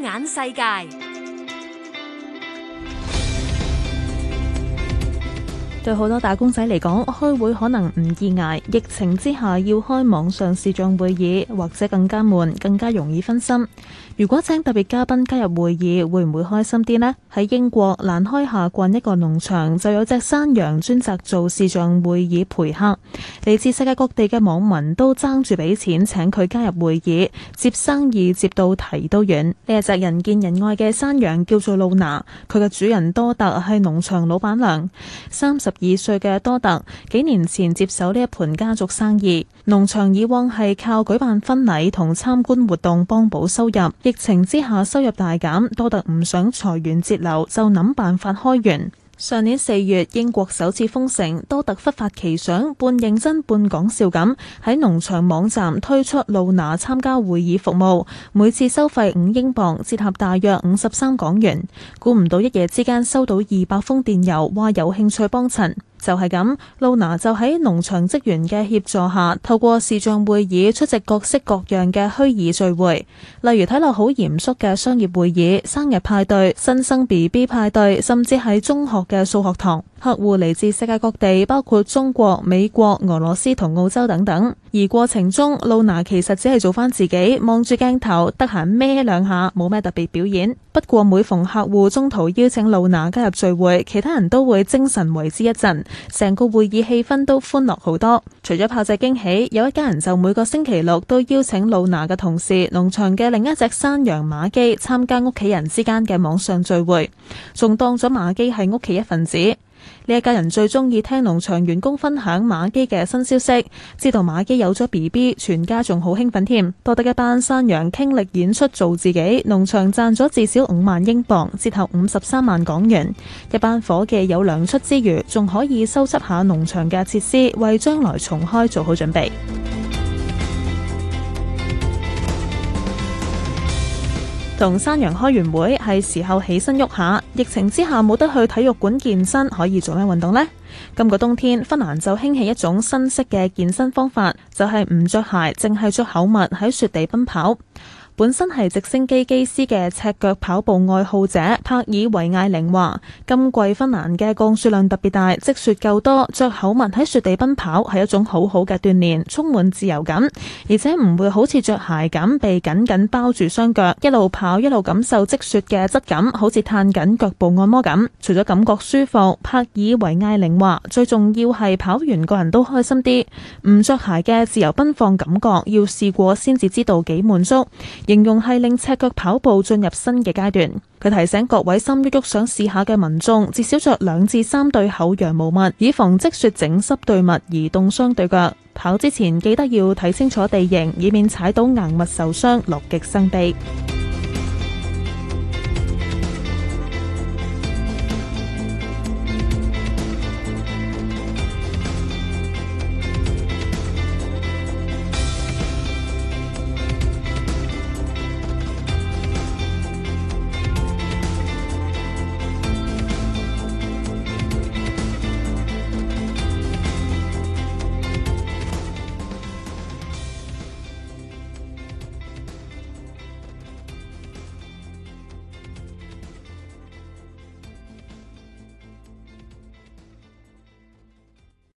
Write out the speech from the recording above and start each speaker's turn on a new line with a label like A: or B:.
A: 眼世界。對好多打工仔嚟講，開會可能唔易挨，疫情之下要開網上視像會議，或者更加悶，更加容易分心。如果請特別嘉賓加入會議，會唔會開心啲呢？喺英國蘭開夏郡一個農場，就有隻山羊專責做視像會議陪客。嚟自世界各地嘅網民都爭住俾錢請佢加入會議，接生意接到提都軟。呢一隻人見人愛嘅山羊叫做露娜，佢嘅主人多特係農場老闆娘，三十二歲嘅多特幾年前接手呢一盤家族生意，農場以往係靠舉辦婚禮同參觀活動幫補收入，疫情之下收入大減，多特唔想裁員節流，就諗辦法開源。上年四月，英國首次封城，多特忽發奇想，半認真半講笑咁喺農場網站推出露娜參加會議服務，每次收費五英鎊，折合大約五十三港元。估唔到一夜之間收到二百封電郵，話有興趣幫襯。就係咁，露娜就喺農場職員嘅協助下，透過視像會議出席各式各樣嘅虛擬聚會，例如睇落好嚴肅嘅商業會議、生日派對、新生 BB 派對，甚至喺中學嘅數學堂。客戶嚟自世界各地，包括中國、美國、俄羅斯同澳洲等等。而過程中，露娜其實只係做翻自己，望住鏡頭，得閒咩兩下，冇咩特別表演。不過，每逢客戶中途邀請露娜加入聚會，其他人都會精神為之一振，成個會議氣氛都歡樂好多。除咗炮製驚喜，有一家人就每個星期六都邀請露娜嘅同事、農場嘅另一隻山羊馬基參加屋企人之間嘅網上聚會，仲當咗馬基係屋企一份子。呢一家人最中意聽農場員工分享馬基嘅新消息，知道馬基有咗 BB，全家仲好興奮添。多得一班山羊傾力演出做自己，農場賺咗至少五萬英鎊，折合五十三萬港元。一班伙計有糧出之餘，仲可以收拾下農場嘅設施，為將來重開做好準備。同山羊開完會，係時候起身喐下。疫情之下冇得去體育館健身，可以做咩運動呢？今個冬天，芬蘭就興起一種新式嘅健身方法，就係唔着鞋，淨係着厚襪喺雪地奔跑。本身係直升機機師嘅赤腳跑步愛好者，帕爾維艾玲話：今季芬蘭嘅降雪量特別大，積雪夠多，着厚襪喺雪地奔跑係一種好好嘅鍛煉，充滿自由感，而且唔會好似着鞋咁被緊緊包住雙腳，一路跑一路感受積雪嘅質感，好似嘆緊腳部按摩咁。除咗感覺舒服，帕爾維艾玲話最重要係跑完個人都開心啲，唔着鞋嘅自由奔放感覺要試過先至知道幾滿足。形容係令赤腳跑步進入新嘅階段。佢提醒各位心喐喐想試下嘅民眾，至少着兩至三對厚羊毛襪，以防積雪整濕對襪而凍傷對腳。跑之前記得要睇清楚地形，以免踩到硬物受傷樂極生悲。